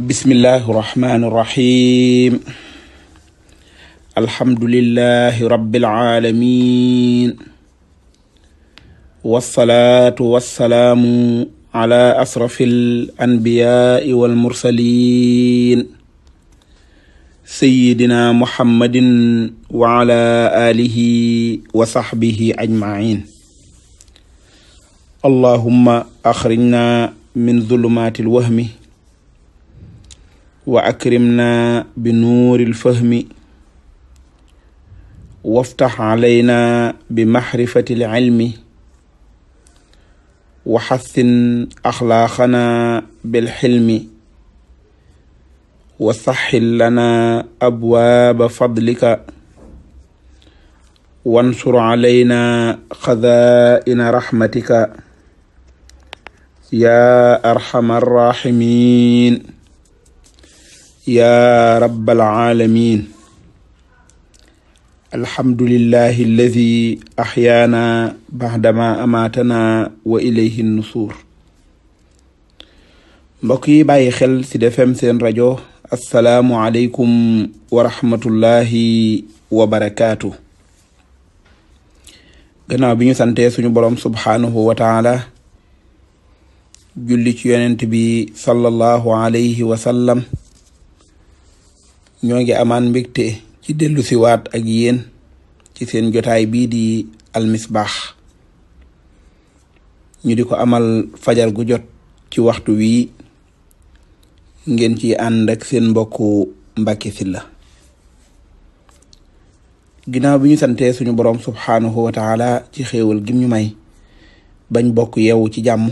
bismillahi irrahmani irrahim alhamdulilahi rabilaalamin walsalaatu walsalaamu ala asrafi alanbiyaai walmursalin sayidina muhammadin wa ala alihi wa saxbihi ajmain allahumma axrijna min zulumaati alwahmi wa akrimna bi nuuril fahmi waftax alayna bi maxrifatil ilmi wa xassin axlaaqana bil xilmi wa saxil lana abwaaba fadlika wansur alayna xazaa'ina raxmatika yaa arxamar raaximiin يا رب العالمين الحمد لله الذي أحيانا بعدما أماتنا وإليه النصور mbokk yi bàyyi xel ci seen rajo asalaamualeykum wa rahmatullahi wa barakaatu gannaaw bi ñu santee suñu boroom subhaanahu wa julli ci yonent bi sallallahu alayhi wa ñoo ngi amaan mbégte ci dellu siwaat ak yéen ci seen jotaay bii di almisbaax ñu di ko amal fajar gu jot ci waxtu wii ngeen ci ànd ak seen mbokku Mbacke Sylla ginnaaw bi ñu santee suñu boroom subhaanahu wa taala ci xéewal gim ñu may bañ bokk yeewu ci jàmm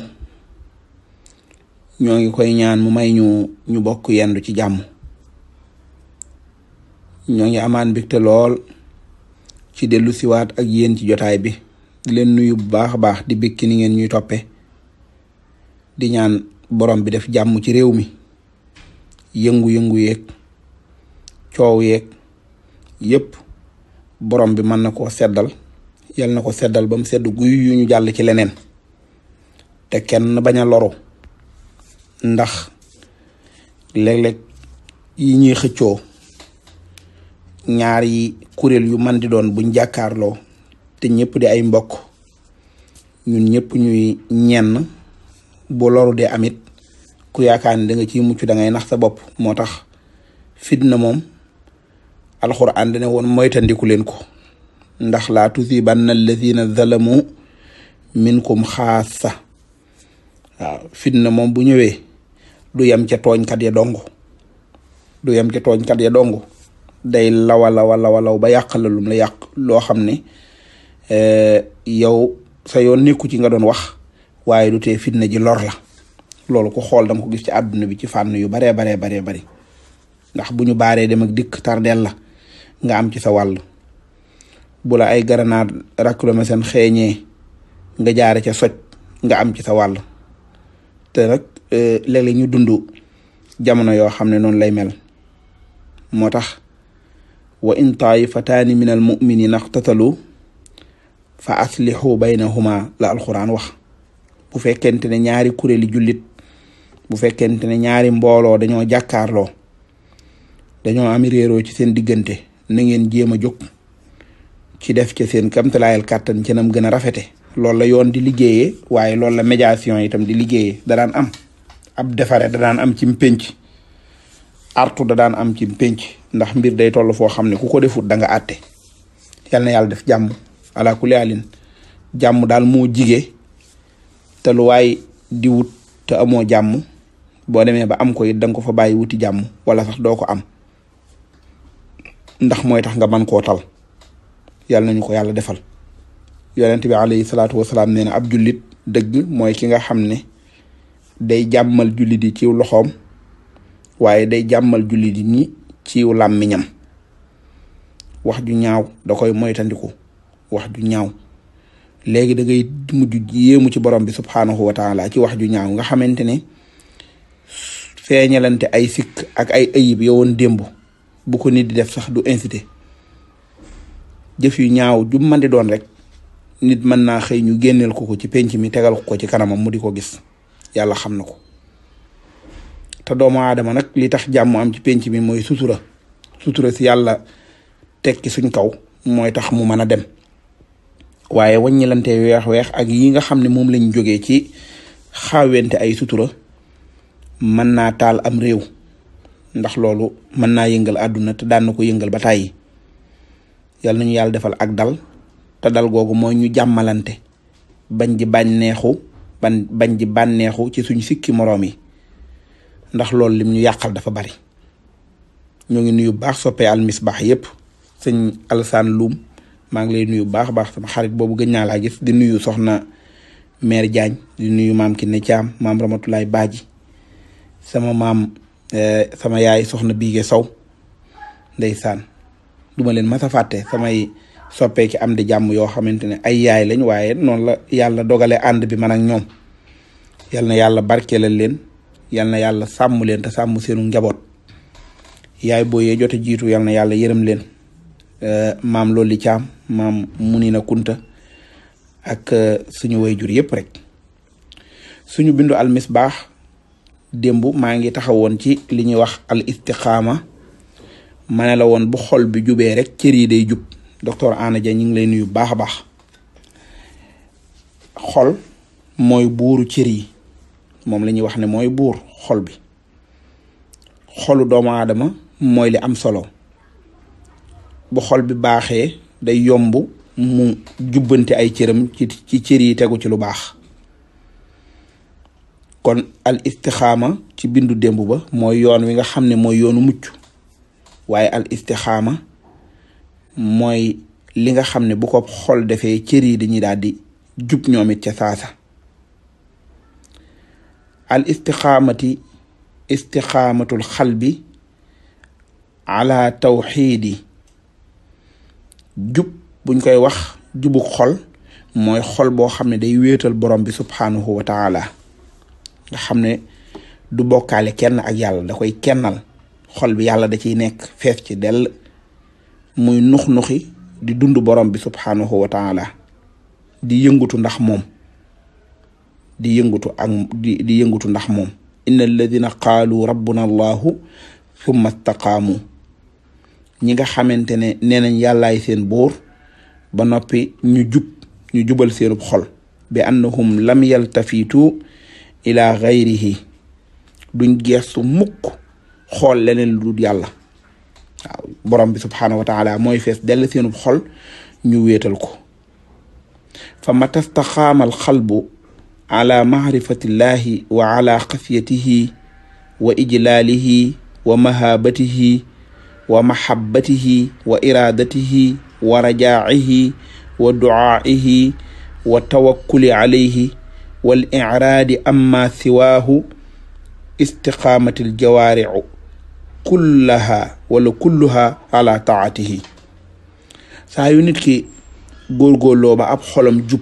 ñoo ngi koy ñaan mu may ñu ñu bokk yendu ci jàmm ñoo ngi amaan mbégte lool ci dellu siwaat ak yéen ci jotaay bi di leen nuyu bu baax a baax di békki ni ngeen ñuy toppe di ñaan borom bi def jàmm ci réew mi yëngu-yëngu yeeg coow yeeg yépp borom bi mën na koo seddal yal na ko seddal ba mu sedd guy yu ñu jàll ci leneen te kenn bañ a loru ndax léeg-léeg yi ñuy xëccoo ñaari kuréel yu mandi di doon buñ jàkkaarloo te ñëpp di ay mbokk ñu ñëpp ñuy ñenn bu loru de amit ku yaakaar ne da ci ciy mucc da ngay nax sa bopp moo tax fitna moom alxuraan dane woon moytandiku leen ko ndax la laa tusibanna alladina zalamu minkum xaasa waaw fitna moom bu ñëwee du yem ca tooñkat ya dong du yem ca tooñkat ya dong day lawa lawa lawa law ba yàqal la lum la yàq loo xam ne eh, yow sa yoon nekku ci nga doon wax waaye du te fitna ji lor la loolu ko xool dama ko gis ci àdduna bi ci fànn yu baree baree baree bari ndax bu ñu baaree dem ak dikk tardeel la nga am ci sa wàll bula ay garanaat raklome seen xeeñee nga jaare ca soj nga am ci sa wàll te nag eh, léeg ñu dund jamono yoo xam ne noonu lay mel moo tax wa in taifataani min al nax tatalu fa aslixu baynahuma la alxuraan wax bu fekkente ne ñaari kuréeli jullit bu fekkente ne ñaari mbooloo dañoo jàkkaarloo dañoo am réeroo ci seen diggante na ngeen jéem a jóg ci def ca seen kamtalaayal kàttan ca nam gën a rafete loolu la yoon di liggéeye waaye loolu la médiation itam di liggéeyee da am ab defare dadaan am ci mpénc artu da daan am ci mpénc ndax mbir day toll foo xam ne ku ko defut danga nga àtte yal yàlla def jàmm ala kulli alin jàmm daal moo jige te lu di wut te amoo jàmm boo demee ba am ko it ko fa bàyyi wuti jàmm wala sax doo ko am ndax mooy tax nga man ko tal yal nañu ko yàlla defal yonent bi alayhi salaatu wasalaam nee na ab jullit dëgg mooy ki nga xam ne day jàmmal jullit yi ciw loxoom waaye day jàmmal jullit yi nii ciw làmmiñam wax ju ñaaw da koy moytandiku wax ju ñaaw léegi da ngay mujj yéemu ci borom bi subhaanahu wa taala ci wax ju ñaaw nga xamante ne feeñalante ay sikk ak ay ayib yowoon démb bu ko nit di def sax du incité jëf yu ñaaw ju man di doon rek nit mën naa xëy ñu génneel ko ko ci penc mi tegal ko ci kanamam mu di ko gis yàlla xam na ko te doomu aadama nag li tax jàmm am ci penc mi mooy sutura sutura si yàlla tekki suñ kaw mooy tax mu mën a dem waaye wañ wàññilante weex-weex ak yi nga xam ne moom lañu jógee ci xawente ay sutura mën naa taal am réew ndax loolu mën naa yëngal àdduna te daan na ko yëngal ba tàyyi yal nañu yàlla defal ak dal te dal googu mooy ñu jàmmalante bañ ji bànneexu ban bañ ji bànneexu ci suñ sikki moroom yi ndax loolu lim ñu yàqal dafa bari ñoo ngi nuyu baax soppee almisbaax yëpp sëñ Alassane Loum maa ngi lay nuyu baax baax sama xarit boobu gëj naa laa gis di nuyu soxna mère Diagne di nuyu maam Kiné Thiam maam Ramatulaay Baaji sama maam eh, sama yaay soxna Biige Sow ndeysaan duma leen mas a fàtte samay soppeeki am di jàmm yoo xamante ne ay yaay lañ waaye noonu la yàlla dogale ànd bi man ak ñoom yal na yàlla barkeelal leen yal na yàlla sàmm leen te sàmm seenu njaboot yaay booyee jote jiitu yal na yàlla yërëm leen eh, maam loolu li caam maam munina kunta ak eh, suñu jur yëpp rek suñu bindu al misbaax démb maa ngi taxawoon ci li ñuy wax al istiqaama ma ne la woon bu xol bi jubee rek cër yi day jub docteur Anna Dia ñu ngi lay nuyu baax a baax xol mooy buuru cër yi moom la ñuy wax ne mooy buur xol bi xolu doomu aadama mooy li am solo bu xol bi baaxee day yomb mu jubbante ay cëram ci ci yi tegu ci lu baax kon al istixaama ci bindu démb ba mooy yoon wi nga xam ne mooy yoonu mucc waaye al istixaama mooy li nga xam ne bu ko xol defee cër yi dañuy daal di jub ñoomit it ca saasa al istiqaamati istiqaamatul xalbi ala tawxiidi jub buñ koy wax jubuk xol mooy xol boo xam ne day wéetal borom bi subhaanahu wa taala nga xam ne du bokkaale kenn ak yàlla da koy kennal xol bi yàlla da ciy nekk fees ci dell muy nux nuxi di dund borom bi subhaanahu wa taala di yëngutu ndax moom di yëngutu ak di di ndax moom inna alladina qaalu rabbuna allahu summa staqaamu ñi nga xamante ne nee nañ yàllaay seen buur ba noppi ñu jub ñu jubal seenub xol bi annahum lam yaltafitu ila gayrihi duñ geestu mukk xool leneen lu dul yàlla waaw borom bi subhaanahu wa mooy fees dell seenub xol ñu wéetal ko fa matastaxaamal xalbu ala macrifatillahi wa ala xafiyatihi wa ijlaalihi wa mahaabatihi wa mahabbatihi wa iraadatihi wa rajaacihi wa ducaa'ihi wa tawakkuli calayhi wal icraadi amma siwaahu istiqaamati aljawaaricu kullaha wala kulluha ala taatihi saa yu nit ki góorgóorloo ba ab xolam jub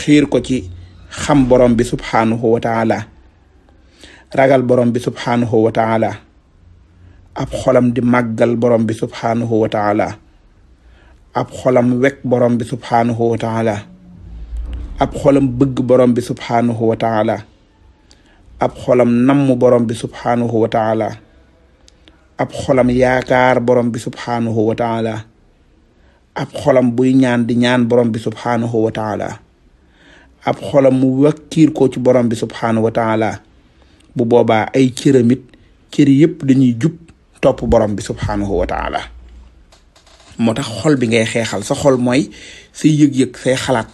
xiir ko ci xam borom bi subxanahu wa ta'ala ragal borom bi subxanahu wa ta'ala ab xolam di màggal borom bi subxanahu wa ta'ala ab xolam wekk borom bi subxanahu wa ta'ala ab xolam bëgg borom bi subxanahu wa ta'ala ab xolam namm borom bi subxanahu wa ta'ala ab xolam yaakaar borom bi subxanahu wa ta'ala ab xolam buy ñaan di ñaan borom bi subxanahu wa ta'ala. ab xolam mu wakkiir ko ci borom bi subxanahu wa taala bu boobaa ay cëramit cër yëpp dañuy jub topp borom bi subxanahu wa taala moo tax xol bi ngay xeexal sa xol mooy say yëg-yëg say xalaat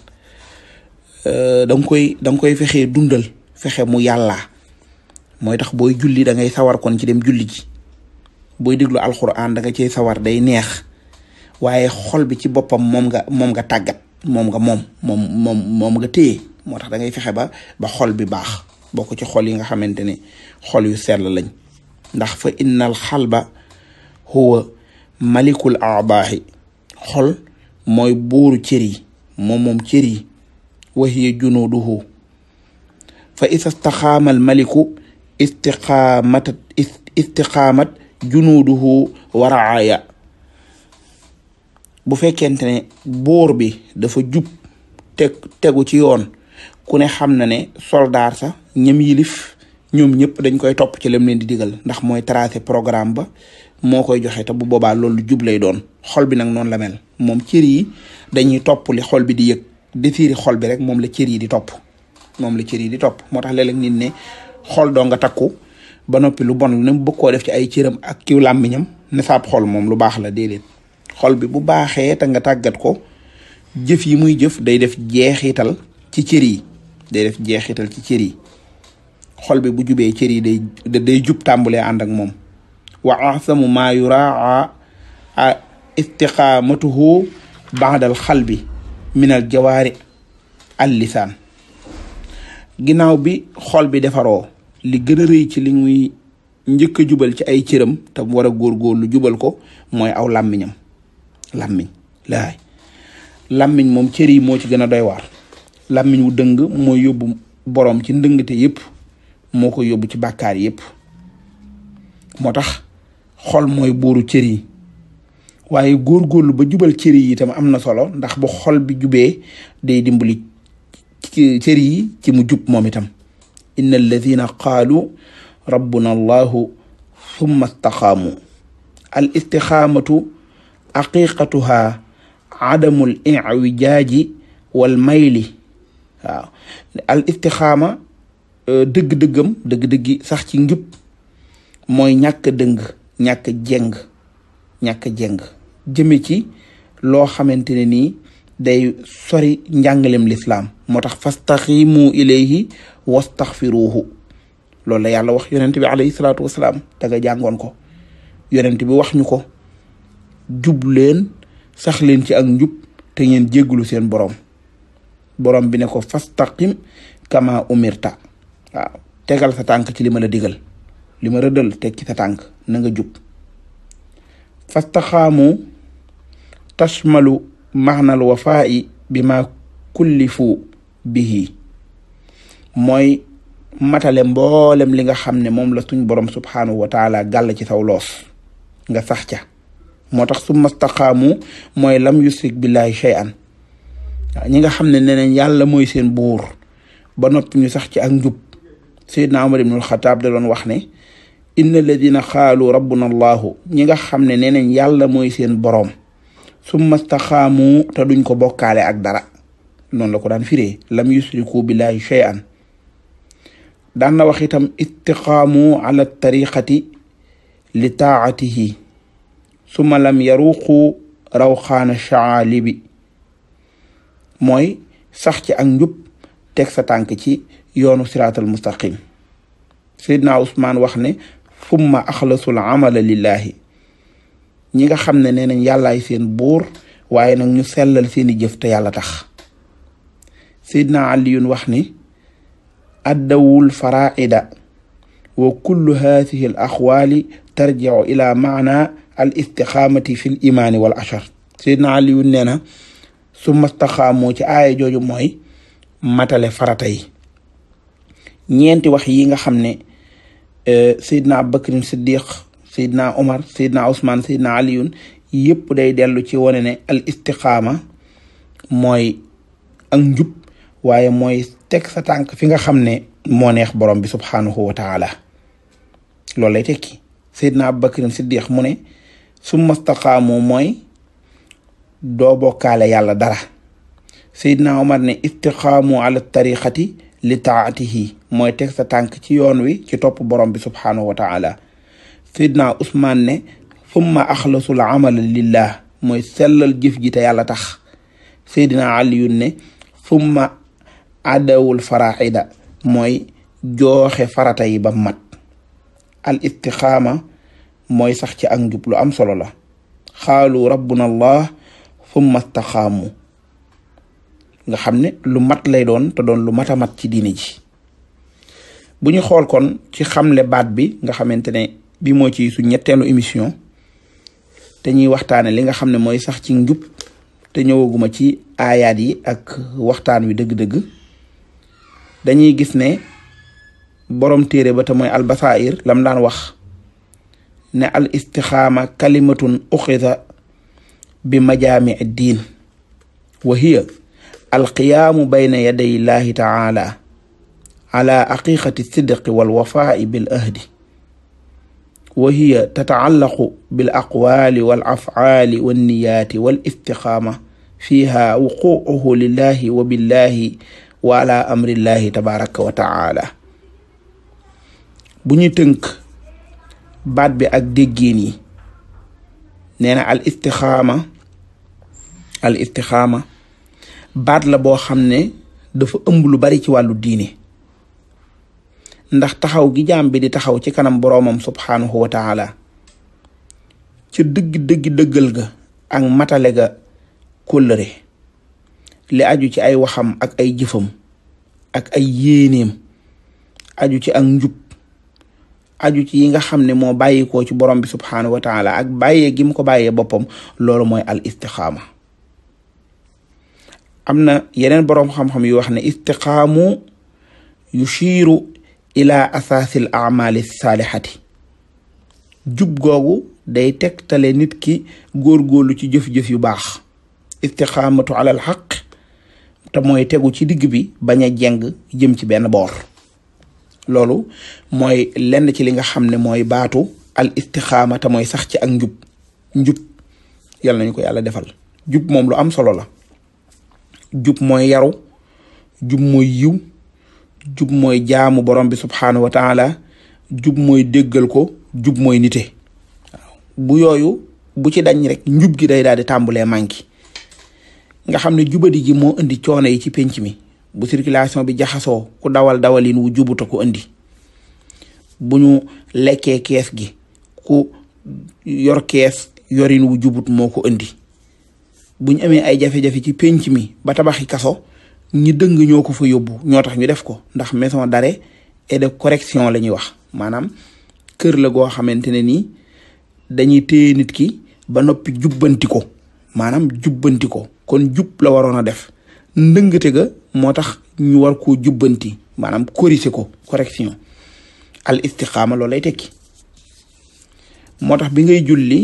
euh, da nga koy da koy fexe dundal fexe mu yàlla mooy tax booy julli da ngay sawar kon ci dem julli ji booy déglu alxuraan da nga cey sawar day neex waaye xol bi ci boppam moom moom nga tàggat. moom nga moom moom moom moom nga téye moo tax dangay fexe ba ba xol bi baax bokk ci xol yi nga xamante ne xol yu sell lañ ndax fa innal xalba huwa malikul abaahi xol mooy buuru cër yi moom moom cër yi wa hiya junuuduhu fa isa staxaamal maliku istiqaamat istiqaamat junuuduhu wa raaya bu fekkente ne boor bi dafa jub teg tegu ci yoon ku ne xam na ne soldaar sax ñam yilif ñoom ñëpp dañ koy topp ci lam leen di digal ndax mooy tracé programme ba moo koy joxe ta bu boobaa loolu jub lay doon xol bi nag noonu la mel moom cër yi dañuy topp li xol bi di yëg désiiri xol bi rek moom la cër yi di topp moom la cër yi di topp moo tax léeg-léeg nit ne xol doo nga takku ba noppi lu bon lu ne mu koo def ci ay cëram ak kiw làmmiñam ne saab xol moom lu baax la déedéet xol bi bu baaxee te nga tàggat ko jëf yi muy jëf day def jeexital ci cër yi day def jeexital ci cër yi xol bi bu jubee cëri yi day jub tàmbulee ànd ak moom wa ahsamu maa yuraa istiqaamatuhu baadal xalbi minal jawaari al lisaan ginnaaw bi xol bi defaroo li gën a rëy ci li muy njëkk jubal ci ay cëram te mu war a lu jubal ko mooy aw làmmiñam làmmiñ laay làmmiñ moom cër yi moo ci gën a doy waar làmmiñ wu dëng mooy yóbbu boroom ci ndëngte yépp moo koy yóbbu ci bàkkaar yépp moo tax xol mooy buuru cër yi waaye góorlu ba jubal cër yi tam am na solo ndax bu xol bi jubee day dimbali cër yi ci mu jub moom itam inna alladina qaalu rabbuna allahu summa istaqaamu al istixaamatu xaqiqatuhaa adamul iwijaaji wal mayli waaw al istixaama euh, dëgg-dëggam dëgg-dëggi sax ci njub mooy ñàkk dëng ñàkk jeng ñàkk jëme ci loo xamante ne nii day sori njàngalem lislaam moo tax fastaximu ilayhi wastaxfiruhu loolu la yàlla wax yonent bi alayhi salaatu wasalaam da jàngoon ko yonent bi wax ñu ko jub leen sax leen ci ak njub te ngeen jéggulu seen borom boroom bi ne ko fastaqim kama umirta waaw tegal sa tànk ci li ma la digal li ma rëddal teg ci sa tànk nanga nga jub fastaxaamu tashmalu maxnal wafaa'i bi ma kullifu bihi mooy matale mboolem li nga xam ne moom la suñ borom subhanahu wa taala gàll ci saw loos nga sax ca moo tax su mastaqaamu mooy lam yusrik billahi shay'an waaw ñi nga xam ne neneen yàlla mooy seen buur ba noppi ñu sax ci ak njub Seydina Omar ibnul Xataab da doon wax ne inna alladina xaalu rabbuna allahu ñi nga xam ne neneen yàlla mooy seen boroom summa staxaamu te duñ ko bokkaale ak dara noonu la ko daan firee lam yusriku billahi shay'an daan na wax itam istiqaamu ala tariqati li taatihi summa lam yaruqu rawxaana chaali bi mooy sax ci ak njub teg sa tànk ci yoonu siraatal mustaqim Seydina Ousmane wax ne summa axlasul amala lillahi ñi nga xam ne nee nañ yàllaay seen buur waaye nag ñu sellal seeni jëf te yàlla tax Seydina Aliyun wax ni addawul faraida wa kullu haadihi al axwaali maana al istixaamati fil imaani wal achar Seydina Aliyu nee su mastaxaamoo ci aaya jooju mooy matale farata ñeenti wax yi nga xam ne euh, Seydina Abubakrin Siddiq Seydina Omar Seydina Ousmane Seydina Aliyun yëpp day dellu ci wane ne al istixaama mooy ak njub waaye mooy teg sa tànk fi nga xam ne moo neex borom bi subhaanahu wa loolu lay tekki Seydina Abubakrin Siddiq mu ne su mastaqaamu mooy doo bokkaale yàlla dara Seydina Omar ne istiqaamu ala tariqati li taatihi mooy teg sa tànk ci yoon wi ci topp borom bi subhaanahu wa taala Seydina Ousmane ne summa axlasul amala lillah mooy sellal jëf ji te yàlla tax Seydina Aliyun ne summa adawul faraida mooy jooxe farata yi ba mat al istiqaama mooy sax ci ak njub lu am solo la xaalu rabbuna fum summa staxaamu nga xam ne lu mat lay doon te doon lu mat a mat ci diine ji bu ñu xool kon ci xam xamle baat bi nga xamante ne bi moo ci su ñetteelu émission te ñuy waxtaane li nga xam ne mooy sax ci njub te ñëwaguma ci aayaat yi ak waxtaan wi dëgg-dëgg dañuy gis ne borom téere ba te mooy albasair lam daan wax ne al istixaama kalimatun uxida bi majaamici diin wa hiya alqiyaamu bayna yaday llaahi taala ala aqiqati sidqi walwafaai bil ahdi wa hiya tatacallaqu bil aqwaali wal afcaali wanniyaati wal istixaama fiiha wuquuhu lillahi wa billahi wa ala amrillahi tabaraka wa taala bu ñu tënk baat bi ak déggéen yi nee al istixaama baat la boo xam ne dafa ëmb lu bari ci wàllu diine ndax taxaw gi jaam bi di taxaw ci kanam boroomam subhaanahu wa ci dëgg dëgg dëggal ga ak matale ga kóllëre li aju ci ay waxam ak ay jëfam ak ay yéeneem aju ci ak njub aju ci yi nga xam ne moo bàyyikoo ci borom bi subhaanahu wa taala ak bàyyee gi ko bàyyee boppam loolu mooy al istiqaama am na yeneen borom xam-xam yu wax ne istiqaamu yushiiru ila asaasil amali saalihati jub googu day tegtale nit ki góorgóorlu ci jëf-jëf yu baax istiqaamatu alal xaq te mooy tegu ci digg bi bañ a jeng jëm ci benn boor loolu mooy lenn ci li nga xam ne mooy baatu al istixaama te mooy sax ci ak njub njub yal nañu ko yàlla defal jub moom lu am solo la jub mooy yaru jub mooy yiw jub mooy jaamu borom bi subxanahu wa taala jub mooy déggal ko jub mooy nite bu yooyu bu ci dañ rek njub gi day daal di tàmbalee manki nga xam ne jubadi ji moo indi coono yi ci penc mi. bu circulation bi jaxasoo ku dawal dawalin wu jubuta ko andi bu ñu lekkee kees gi ku yor kees yorin wu jubut moo ko indi bu ñu amee ay jafe-jafe ci penc mi ba tabaxi kaso ñi dëng ñoo ko fa yóbbu ñoo tax ñu def ko ndax maison d'arrêt et de correction la ñuy wax maanaam kër la goo xamante ne nii dañuy téye nit ki ba noppi jubbantiko ko maanaam jubbanti kon jub la waroon a def ndëngate ga moo tax ñu war koo jubbanti maanaam corriger ko correction al istiqaama loolu lay tekki moo tax bi ngay julli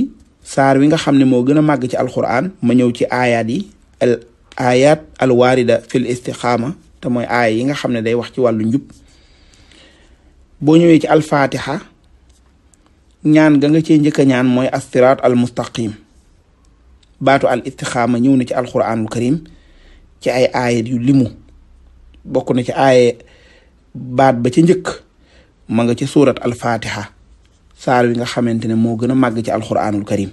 saar wi nga xam ne moo gën a màgg ci alquran ma ñëw ci aayaat yi al ayat al waarida fil te mooy aaya yi nga xam ne day wax ci wàllu njub boo ñëwee ci alfatiha ñaan ga nga cee njëkk a ñaan mooy astirat al mustaqim baatu al istiqaama ñëw na ci alquranul karim ci ay aayat yu limu bokk na ci aaye baat ba ci njëkk ma nga ci suurat al-fatiha saar wi nga xamante ne moo gën a màgg ci alxuraanul karim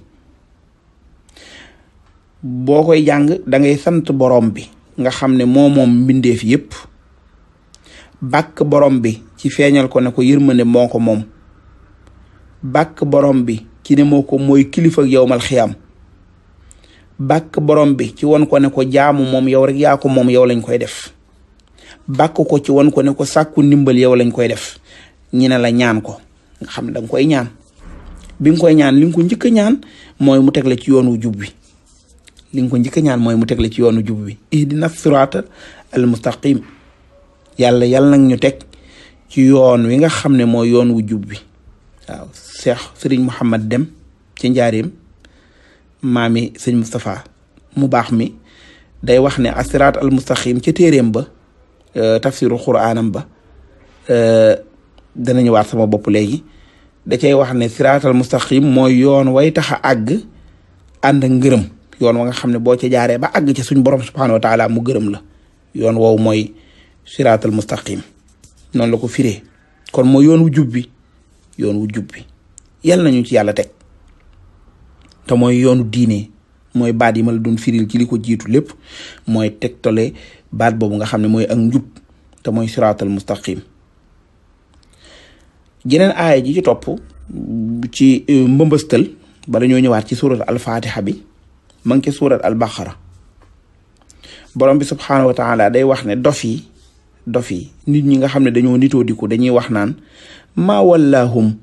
boo koy jàng dangay sant borom bi nga xam ne moo moom mbindeef yépp bakk borom bi ci feeñal ko ne ko yërmande moo ko moom bakk borom bi ci ne moo mooy kilifa yowmal xiyam bàkk borom bi ci won ko ne ko jaamu moom yow rek yaa ko moom yow lañ koy def bàkk ko ci won ko ne ko sàkku ndimbal yow lañ koy def ñi ne la ñaan ko nga xam ne danga koy ñaan bi nga koy ñaan li ko njëkk a ñaan mooy mu teg la ci yoonu jub bi li ko njëkk ñaan mooy mu teg ci yoonu jub bi ihdina sirata al mustaqim yàlla yàlla nag ñu teg ci yoon wi nga xam ne mooy yoon wu jub bi waaw Cheikh Serigne Dem ci njaareem maami sëñ Moustapha mu baax mi day wax ne asiraat al mustaqim ca téeréem ba euh, tafsiru quraanam ba euh, dana ñëwaat sama bopp léegi da cay wax ne siraatal mustaqim mooy yoon way tax a àgg ànd ak ngërëm yoon wa nga xam ne boo ca jaaree ba àgg ci suñ borom subhaanahu wa taala mu gërëm la yoon woowu mooy siraatal mustaqim noonu la ko firee kon mooy yoon wu jub bi yoon wu jub bi yàlla nañu ci yàlla teg te mooy yoonu diine mooy baat yi ma la doon firil ci li ko jiitu lépp mooy tegtale baat boobu nga xam ne mooy ak njub te mooy siraatal mustaqim jeneen aaya ji ci topp ci e, mbëmbëstal bala ñoo ñëwaat ci surat al-fatiha bi ma ngi ci surat al-baqara borom bi subxanahu wa day wax ne dof yi dof yi nit ñi nga xam ne dañoo nitoo diku dañuy wax naan maa wallaahum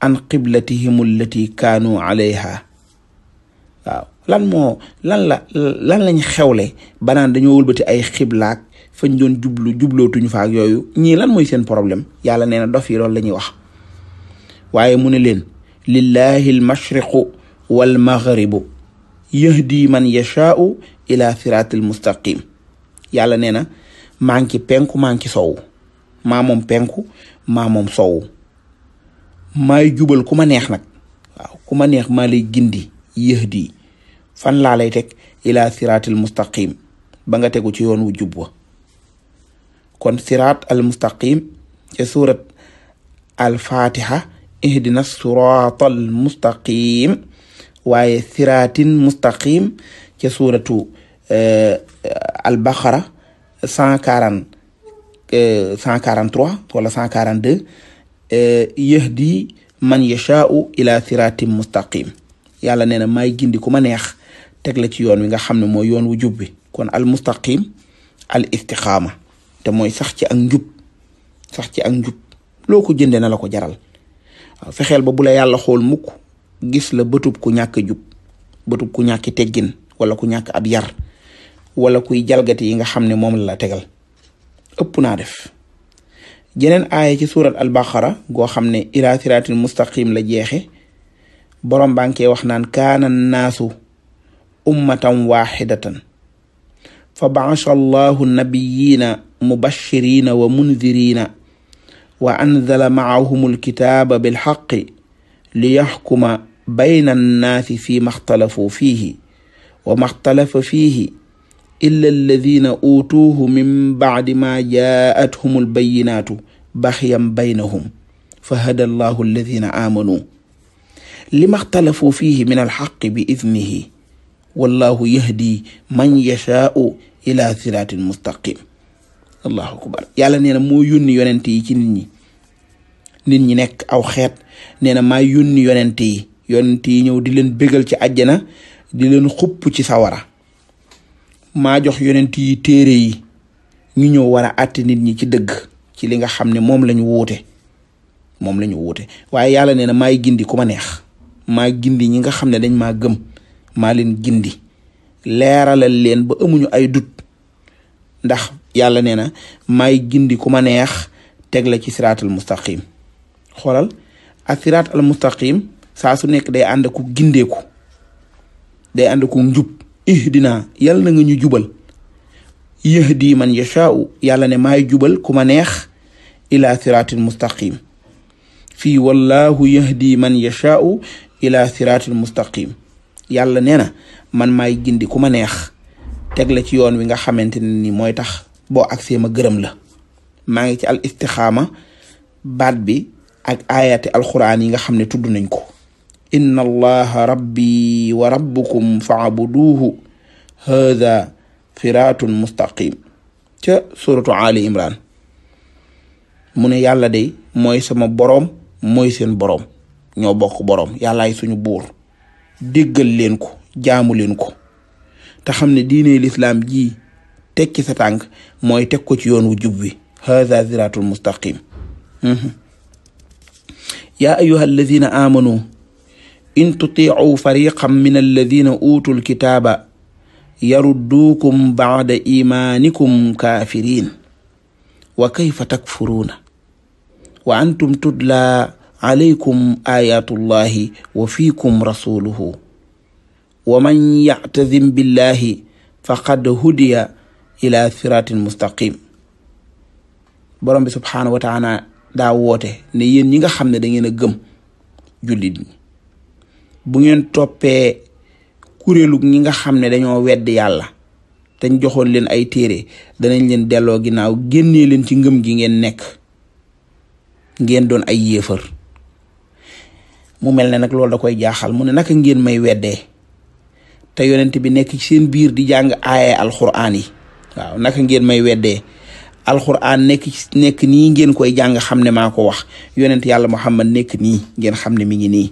an qiblatihim kaanu alayha waaw lan moo lan la lan lañ xewle ba naan dañoo wëlbati ay xiblaak fañ doon jublu jublootuñu fa ak yooyu ñii lan mooy seen problème yàlla nee na dof yi loolu la ñuy wax waaye mu ne leen lillahi al mashriqu wal maghribu yahdi man yashaau ila siraatil mustaqim yàlla nee na maa ngi penku maa ngi sow maa penku mamoom moom sow maay jubal ku ma neex nag waaw ku ma neex maa lay gindi yëhdi fan laa lay teg ila siraatil mustaqim ba nga tegu ci yoon wu jub wa kon siraat al mustaqim ca surat al fatiha ihdina siraatal mustaqim waaye siraatin mustaqim ca suratu eh, al baqara cent quarante eh, cent quarante trois wala cent quarante deux eh, yahdi man yashaau ila siraatin mustaqim yàlla nee na maay gindi ku ma neex teg la ci yoon wi nga xam ne mooy yoon wu jub bi kon al mustaqim al istiqaama te mooy sax ci ak njub sax ci ak njub loo ko jëndee na la ko jaral fexeel ba bu la yàlla xool mukk gis la bëtub ku ñàkk jub bëtub ku ñàkki teggin wala ku ñàkk ab yar wala kuy jalgati yi nga xam ne moom la tegal ëpp naa def jeneen aaya ci suurat al baqara goo xam ne iraasiraatil mustaqim la jeexe borom baa ngi koy wax naan kaana naasu ummatan waxidatan fa baasa allahu nabiyiina mubashiriina wa mundiriina wa anzala maahum alkitaaba bilxaqi li yaxkuma bayna annaasi fi maxtalafu fiihi wa maxtalafa fiihi illa alladina uutuuhu min bacdi maa jaathum albayinaatu baxyan baynahum fa hada allahu alladina aamanuu lima xtalafu fiihi min alxaqi bi idnihi wallahu yahdi man yashaau ila siraatin mustaqim allahu akbar yàlla nee na moo yónni yonent yi ci nit ñi nit ñi nekk aw xeet nee na maa yónni yonent yi yonent yi ñëw di leen bégal ci àjjana di leen xupp ci sawara maa jox yonent yi téere yi ñu ñëw war a àtte nit ñi ci dëgg ci li nga xam ne moom la wuute moom la wuute waaye yàlla nee na maay gindi ku ma neex maa gindi ñi nga xam ne dañ ma gëm maa leen gindi leeralal leen ba amuñu ay dut ndax yàlla nee na maay gindi ku ma neex teg la ci siraatal mustaqim xoolal ak siraat al mustaqim saa su nekk day ànd ku gindeeku day ànd ku njub ihdina yàlla na nga ñu jubal yahdi man yashaau yàlla ne maay jubal ku ma neex ila siraatil mustaqim fii wallahu yahdi man yashaau ila siratil mustaqim yàlla nee na man maay gindi ku ma neex teg la ci yoon wi nga xamante ne ni mooy tax boo agsee ma gërëm la maa ngi ci al istixaama baat bi ak ayati alquran yi nga xam ne tudd nañ ko inna allaha rabbi wa rabbukum faabuduuhu haada siraatun mustaqim ca suratu ali imran mu ne yàlla de mooy sama borom mooy seen boroom ñoo bokk boroom yàllaay suñu buur déggal leen ko jaamu leen ko te xam ne diine lislaam ji teg ci sa tànk mooy teg ko ci yoon wu jub wi haza siraatul mustaqim mhm. yaa ayuha alladina amanu in tutiicuu fariqan min alladina uutul kitaaba yarudduukum bacda imaanikum kaafiriin wa kayfa takfuruuna wa antum alaykum ayatullahi wa fiikum rasuluhu wa man yactasim billahi faqad hudiya ila siratin mustaqim borom bi subhaanahu wa taala daa woote ne yéen ñi nga xam ne da ngeen a gëm jullit ñi bu ngeen toppee kuréelu ñi nga xam ne dañoo wedd yàlla dañ joxoon leen ay téere danañ leen delloo ginnaaw génnee leen ci ngëm gi ngeen nekk ngeen doon ay yéefar mu mel ne nag loolu da koy jaaxal mu ne naka ngeen may weddee te yonent bi nekk ci seen biir di jàng aaye alxuraan yi waaw naka ngeen may weddee alxuraan nekk nekk nii ngeen koy jàng xam ne maa ko wax yonent yàlla muhammad nekk nii ngeen xam ne mi ngi nii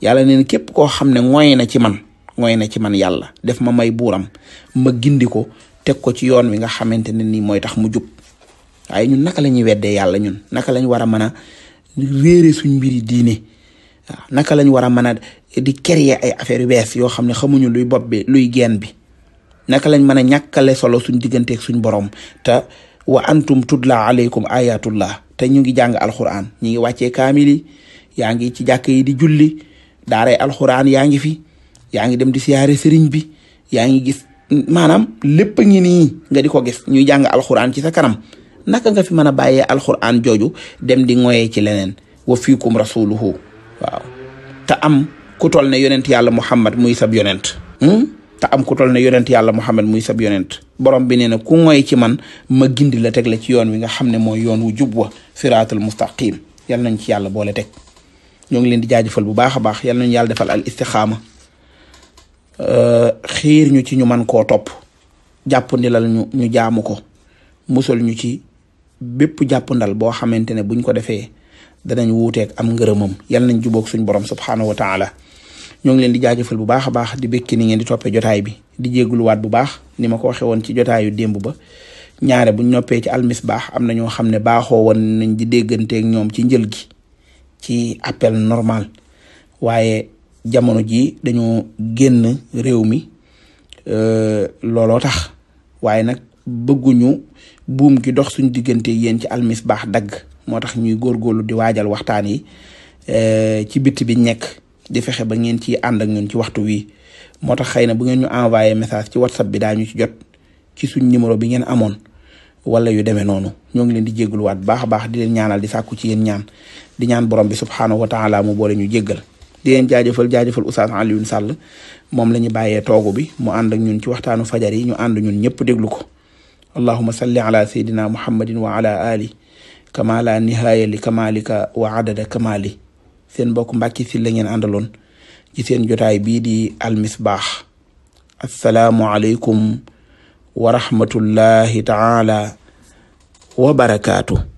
yàlla neen képp koo xam ne mooy na ci man mooy na ci man yàlla def ma may buuram ma gindi ko teg ko ci yoon wi nga xamante ne nii mooy tax mu jub waaye ñun naka la ñuy weddee yàlla ñun naka lañ war a mën réere suñ mbiri diine naka lañ war a mën a di créer ay affaire yu yoo xam ne xamuñu luy bopp bi luy geen bi naka lañ mën a ñàkkale solo suñ digganteeg suñ borom te wa antum tutla aleykum ayatullah te ñu ngi jàng alxuraan ñu ngi wàccee kaamil yi yaa ngi ci jàkk yi di julli daaray alxuraan yaa ngi fi yaa ngi dem di siyaare sëriñ bi yaa ngi gis maanaam lépp ngi nii nga di ko gis ñuy jàng alxuraan ci sa kanam naka nga fi mën a bàyyee alxuraan jooju dem di ngoyee ci leneen wa fiikum rasuluhu waaw te am ku toll ne yonent yàlla muhammad muy sab yonent hmm? te am ku toll ne yàlla muhammad muy sab borom bi nee na ku ngoy ci man ma gindi la teg la ci yoon wi nga xam ne mooy yoon wu jub wa siraatul mustaqim yal nañ ci yàlla boole teg ñoo ngi leen di jaajëfal bu baax a baax yal nañu yàlla defal al istixaama euh, xiir ñu ci ñu man koo topp jàpp ndilal ñu ñu jaamu ko musal ñu ci bépp jàpp ndal boo xamante ne buñ ko defee danañ wuuteeg am ngërëmam yal nañ jubóog suñ borom subhaanahu wa taala ñoo ngi leen di jaajëfal bu baax a baax di békki ni ngeen di toppee jotaay bi di jégguluwaat bu baax ni ma ko waxee woon ci jotaayu démb ba ñaare buñ noppee ci baax am na ñoo xam ne baaxoo woon nañ di dégganteeg ñoom ci njël gi ci appel normal waaye jamono ji dañoo génn réew mi euh, looloo tax waaye nag bëgguñu buum gi dox suñu diggante yéen ci almis baax dagg moo tax ñuy góor góorlu di waajal waxtaan yi eh, ci bitti bi nekk di fexe ba ngeen ci ànd ak ñun ci waxtu wi moo tax xëy na bu ngeen ñu envoyé message ci whatsapp bi daañu ci jot ci suñ numéro bi ngeen amoon wala yu demee noonu ñoo ngi leen di jégaluwaat baax a baax di ñaanal di sàkku ci yéen ñaan di ñaan borom bi subxanahu wa taala mu boole ñu jéggal di leen jaajëfal jaajëfal Oustaz Alioune Sall moom la ñu bàyyee toogu bi mu ànd ak ñun ci waxtaanu fajar yi ñu ànd ñun ñëpp déglu ko. allahuma salli ala sayyidina muhammadin wa ala ali kama la nihaaya li wa adada kamali seen mbokk Mbàkke Sylla ngeen àndaloon ci seen jotaay bii di almisbaax assalaamu aleykum wa rahmatullahi taala wa